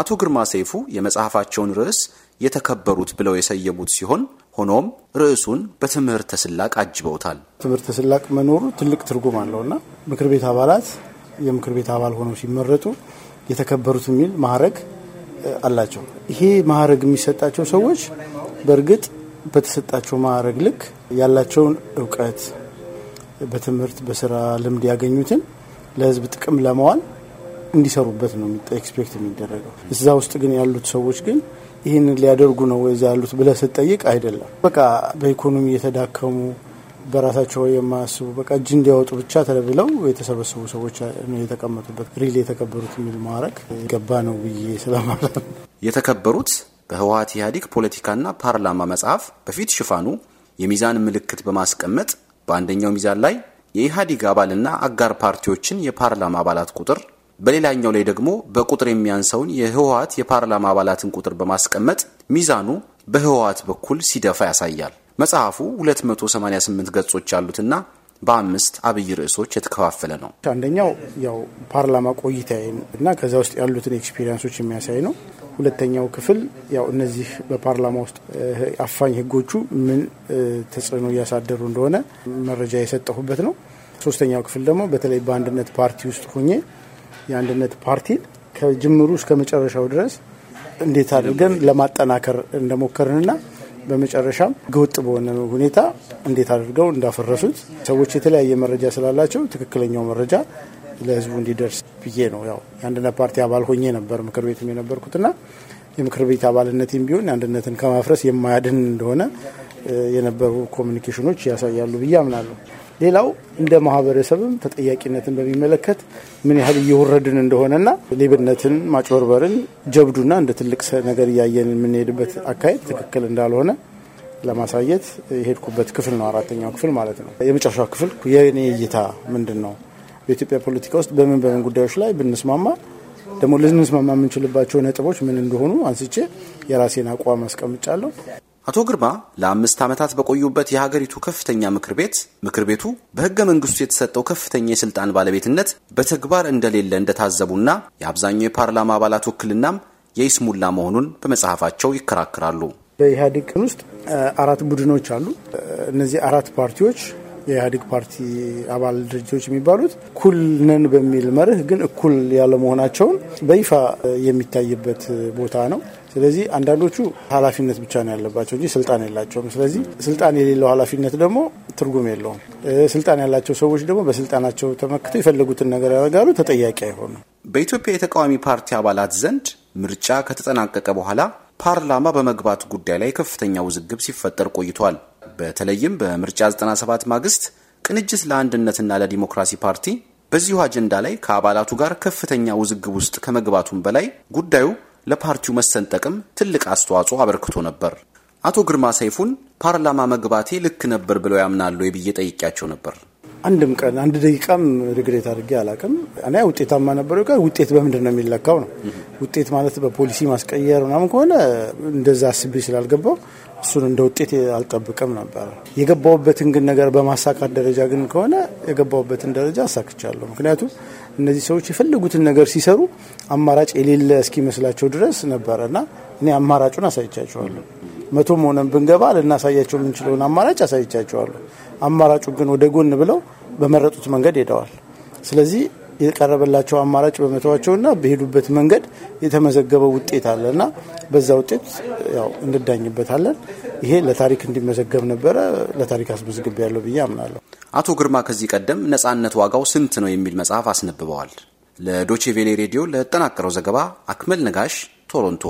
አቶ ግርማ ሰይፉ የመጽሐፋቸውን ርዕስ የተከበሩት ብለው የሰየሙት ሲሆን ሆኖም ርዕሱን በትምህርተ ስላቅ አጅበውታል። ትምህርተ ስላቅ መኖሩ ትልቅ ትርጉም አለውና ምክር ቤት አባላት የምክር ቤት አባል ሆነው ሲመረጡ የተከበሩት የሚል ማዕረግ አላቸው። ይሄ ማዕረግ የሚሰጣቸው ሰዎች በእርግጥ በተሰጣቸው ማዕረግ ልክ ያላቸውን እውቀት በትምህርት በስራ ልምድ ያገኙትን ለሕዝብ ጥቅም ለመዋል እንዲሰሩበት ነው ኤክስፔክት የሚደረገው። እዛ ውስጥ ግን ያሉት ሰዎች ግን ይህንን ሊያደርጉ ነው ወይ እዛ ያሉት ብለህ ስትጠይቅ አይደለም። በቃ በኢኮኖሚ እየተዳከሙ በራሳቸው የማያስቡ በቃ እጅ እንዲያወጡ ብቻ ተብለው የተሰበሰቡ ሰዎች የተቀመጡበት ሪል የተከበሩት የሚል ማዕረግ ገባ ነው ብዬ ስለማለት የተከበሩት በህወሀት ኢህአዴግ ፖለቲካና ፓርላማ መጽሐፍ በፊት ሽፋኑ የሚዛን ምልክት በማስቀመጥ በአንደኛው ሚዛን ላይ የኢህአዴግ አባልና አጋር ፓርቲዎችን የፓርላማ አባላት ቁጥር በሌላኛው ላይ ደግሞ በቁጥር የሚያንሰውን የህወሀት የፓርላማ አባላትን ቁጥር በማስቀመጥ ሚዛኑ በህወሀት በኩል ሲደፋ ያሳያል። መጽሐፉ 288 ገጾች ያሉትና በአምስት አብይ ርዕሶች የተከፋፈለ ነው። አንደኛው ያው ፓርላማ ቆይታ እና ከዛ ውስጥ ያሉትን ኤክስፔሪንሶች የሚያሳይ ነው። ሁለተኛው ክፍል ያው እነዚህ በፓርላማ ውስጥ አፋኝ ህጎቹ ምን ተጽዕኖ እያሳደሩ እንደሆነ መረጃ የሰጠሁበት ነው። ሶስተኛው ክፍል ደግሞ በተለይ በአንድነት ፓርቲ ውስጥ ሆኜ የአንድነት ፓርቲን ከጅምሩ እስከ መጨረሻው ድረስ እንዴት አድርገን ለማጠናከር እንደሞከርንና በመጨረሻም ግውጥ በሆነ ሁኔታ እንዴት አድርገው እንዳፈረሱት ሰዎች የተለያየ መረጃ ስላላቸው ትክክለኛው መረጃ ለህዝቡ እንዲደርስ ብዬ ነው። ያው የአንድነት ፓርቲ አባል ሆኜ ነበር ምክር ቤትም የነበርኩትና የምክር ቤት አባልነትም ቢሆን አንድነትን ከማፍረስ የማያድን እንደሆነ የነበሩ ኮሚኒኬሽኖች ያሳያሉ ብዬ አምናለሁ። ሌላው እንደ ማህበረሰብም ተጠያቂነትን በሚመለከት ምን ያህል እየወረድን እንደሆነና ሌብነትን፣ ማጭበርበርን ጀብዱና እንደ ትልቅ ነገር እያየን የምንሄድበት አካሄድ ትክክል እንዳልሆነ ለማሳየት የሄድኩበት ክፍል ነው። አራተኛው ክፍል ማለት ነው። የመጨረሻው ክፍል የኔ እይታ ምንድን ነው? በኢትዮጵያ ፖለቲካ ውስጥ በምን በምን ጉዳዮች ላይ ብንስማማ ደግሞ ልንስማማ የምንችልባቸው ነጥቦች ምን እንደሆኑ አንስቼ የራሴን አቋም አስቀምጫለሁ። አቶ ግርማ ለአምስት ዓመታት በቆዩበት የሀገሪቱ ከፍተኛ ምክር ቤት ምክር ቤቱ በህገ መንግስቱ የተሰጠው ከፍተኛ የስልጣን ባለቤትነት በተግባር እንደሌለ እንደታዘቡና የአብዛኛው የፓርላማ አባላት ውክልናም የይስሙላ መሆኑን በመጽሐፋቸው ይከራከራሉ። በኢህአዴግ ውስጥ አራት ቡድኖች አሉ። እነዚህ አራት ፓርቲዎች የኢህአዴግ ፓርቲ አባል ድርጅቶች የሚባሉት እኩል ነን በሚል መርህ ግን እኩል ያለመሆናቸውን በይፋ የሚታይበት ቦታ ነው። ስለዚህ አንዳንዶቹ ኃላፊነት ብቻ ነው ያለባቸው እንጂ ስልጣን የላቸውም። ስለዚህ ስልጣን የሌለው ኃላፊነት ደግሞ ትርጉም የለውም። ስልጣን ያላቸው ሰዎች ደግሞ በስልጣናቸው ተመክተው የፈለጉትን ነገር ያደርጋሉ፣ ተጠያቂ አይሆኑ። በኢትዮጵያ የተቃዋሚ ፓርቲ አባላት ዘንድ ምርጫ ከተጠናቀቀ በኋላ ፓርላማ በመግባት ጉዳይ ላይ ከፍተኛ ውዝግብ ሲፈጠር ቆይቷል። በተለይም በምርጫ 97 ማግስት ቅንጅት ለአንድነትና ለዲሞክራሲ ፓርቲ በዚሁ አጀንዳ ላይ ከአባላቱ ጋር ከፍተኛ ውዝግብ ውስጥ ከመግባቱም በላይ ጉዳዩ ለፓርቲው መሰንጠቅም ትልቅ አስተዋጽኦ አበርክቶ ነበር። አቶ ግርማ ሰይፉን ፓርላማ መግባቴ ልክ ነበር ብለው ያምናሉ የብዬ ጠይቄያቸው ነበር። አንድም ቀን አንድ ደቂቃም ሪግሬት አድርጌ አላውቅም። እኔ ውጤታማ ነበረው ቀን ውጤት በምንድን ነው የሚለካው ነው። ውጤት ማለት በፖሊሲ ማስቀየር ምናምን ከሆነ እንደዛ አስቤ ስላልገባው እሱን እንደ ውጤት አልጠብቅም ነበር። የገባውበትን ግን ነገር በማሳካት ደረጃ ግን ከሆነ የገባውበትን ደረጃ አሳክቻለሁ። ምክንያቱም እነዚህ ሰዎች የፈለጉትን ነገር ሲሰሩ አማራጭ የሌለ እስኪመስላቸው ድረስ ነበረ እና እኔ አማራጩን አሳይቻቸዋለሁ። መቶም ሆነን ብንገባ ልናሳያቸው የምንችለውን አማራጭ አሳይቻቸዋለሁ። አማራጩ ግን ወደ ጎን ብለው በመረጡት መንገድ ሄደዋል። ስለዚህ የቀረበላቸው አማራጭ በመተዋቸውና በሄዱበት መንገድ የተመዘገበ ውጤት አለ እና በዛ ውጤት ያው እንዳኝበታለን። ይሄ ለታሪክ እንዲመዘገብ ነበረ። ለታሪክ አስመዝግብ ያለው ብዬ አምናለሁ። አቶ ግርማ ከዚህ ቀደም ነጻነት ዋጋው ስንት ነው የሚል መጽሐፍ አስነብበዋል። ለዶቼቬሌ ሬዲዮ ለተጠናቀረው ዘገባ አክመል ነጋሽ ቶሮንቶ